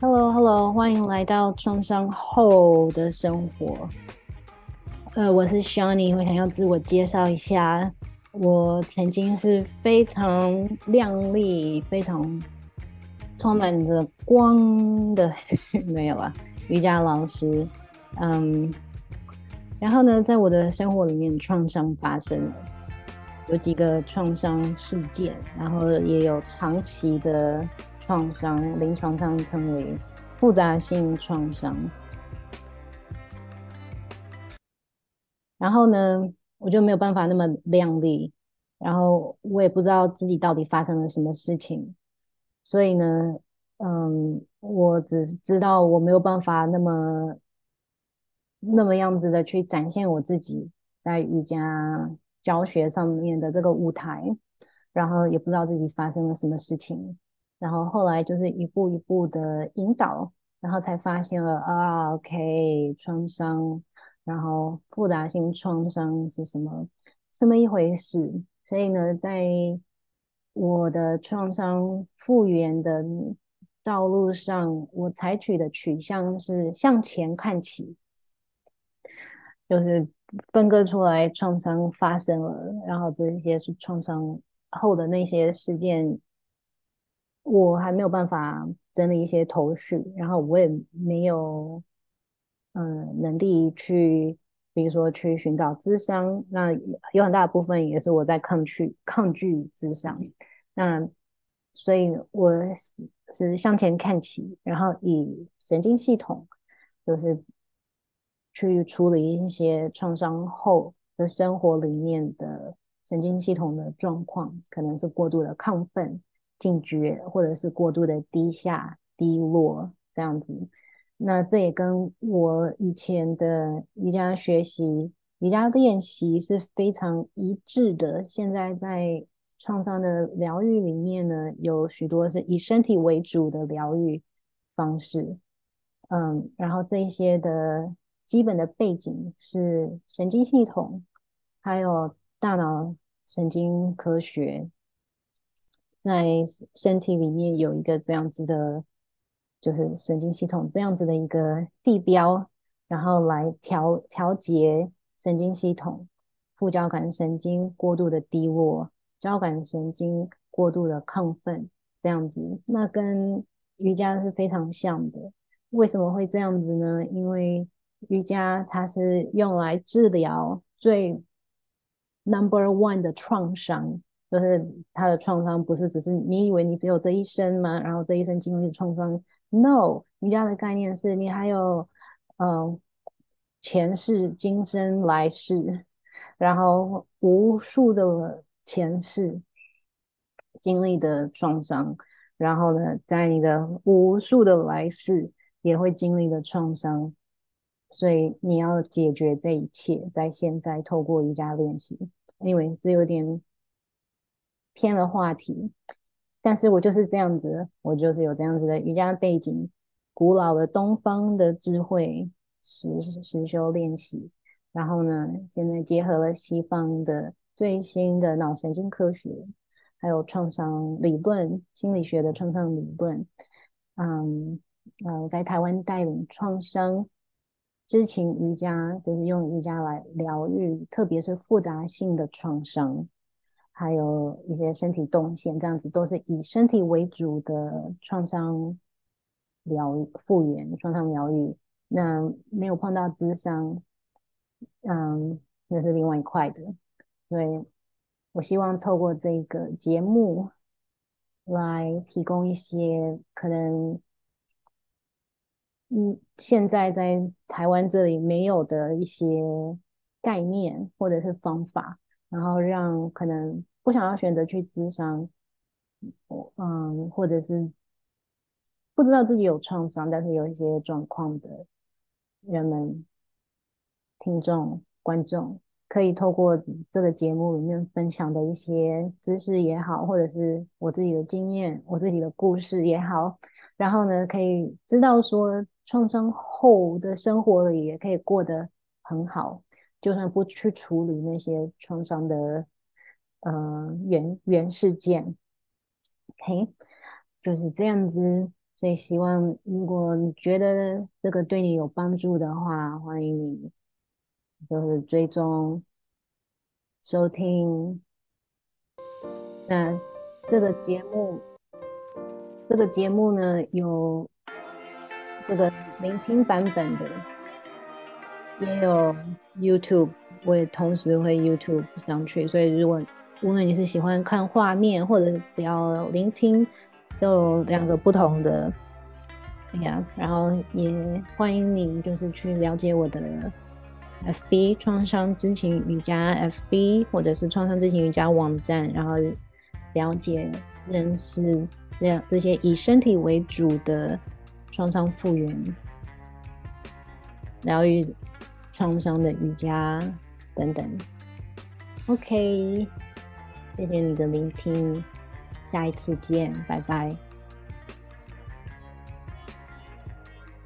Hello，Hello，hello 歡迎來到創傷後的生活。呃，我是 Shanii，我想要自我介紹一下。我曾經是非常亮麗、非常充滿着光的， 沒有了、啊、瑜伽老師。嗯、um,，然後呢，在我的生活裡面，創傷發生了，有幾個創傷事件，然後也有長期的。創傷，臨床上稱為複雜性創傷。然後呢，我就沒有辦法那麼靚麗，然後我也不知道自己到底發生了什麼事情，所以呢，嗯，我只知道我沒有辦法那麼那麼樣子的去展現我自己在瑜伽教學上面的這個舞台，然後也不知道自己發生了什麼事情。然後後來就是一步一步的引導，然後才發現了啊，OK，創傷，然後複雜性創傷是什麼這麼一回事？所以呢，在我的創傷復原的道路上，我採取的取向是向前看齊，就是分割出來，創傷發生了，然後這些是創傷後的那些事件。我還沒有辦法整理一些頭緒，然後我也沒有，嗯、呃，能力去，比如說去尋找諮商，那有很大的部分也是我在抗拒抗拒諮商，那所以我是向前看齊，然後以神經系統就是去處理一些創傷後的生活裡面的神經系統的狀況，可能是過度的亢奮警覺，或者是過度的低下、低落這樣子，那這也跟我以前的瑜伽學習、瑜伽練習是非常一致的。現在在創傷的療癒裡面呢，有許多是以身體為主的療癒方式，嗯，然後這些的基本的背景是神經系統，還有大腦神經科學。在身體裡面有一個這樣子的，就是神經系統這樣子的一個地標，然後來調調節神經系統，副交感神經過度的低落，交感神經過度的亢奮，這樣子，那跟瑜伽是非常像的。為什麼會這樣子呢？因為瑜伽它是用來治療最 number one 的創傷。就是他的創傷不是只是你以為你只有這一生嗎？然後這一生經歷的創傷？No，瑜伽的概念是你還有嗯、呃、前世、今生、來世，然後無數的前世經歷的創傷，然後呢，在你的無數的來世也會經歷的創傷，所以你要解決這一切，在現在透過瑜伽練習，因為這有點。偏了話題，但是我就是這樣子，我就是有這樣子的瑜伽背景，古老的東方的智慧，實實修練習，然後呢，現在結合了西方的最新的腦神經科學，還有創傷理論，心理學的創傷理論，嗯，我在台灣帶領創傷知情瑜伽，就是用瑜伽來療癒，特別是複雜性的創傷。還有一些身體動線，這樣子都是以身體為主的創傷療癒復原、創傷療癒。那沒有碰到諮商，嗯，那，就是另外一塊的。所以，我希望透過這個節目來提供一些可能，嗯，現在在台灣這裡沒有的一些概念或者是方法，然後讓可能，我想要選擇去諮商，嗯，或者是不知道自己有創傷，但是有一些狀況的，人們、聽眾、觀眾，可以透過這個節目裡面分享的一些知識也好，或者是我自己的經驗、我自己的故事也好，然後呢，可以知道說創傷後的生活也可以過得很好，就算不去處理那些創傷的。呃，原原事件，OK，就是這樣子。所以希望如果你覺得這個對你有幫助的話，歡迎你就是追蹤收聽。那這個節目，這個節目呢有這個聆聽版本的，也有 YouTube，我也同時會 YouTube 上去。所以如果你無論你是喜歡看畫面，或者只要聆聽，都有兩個不同的，對呀。然後也歡迎你，就是去了解我的 FB 創傷知情瑜伽 FB，或者是創傷知情瑜伽網站，然後了解認識這樣這些以身體為主的創傷復原、療癒創傷的瑜伽等等。OK。謝謝你的聆聽，下一次見，拜拜。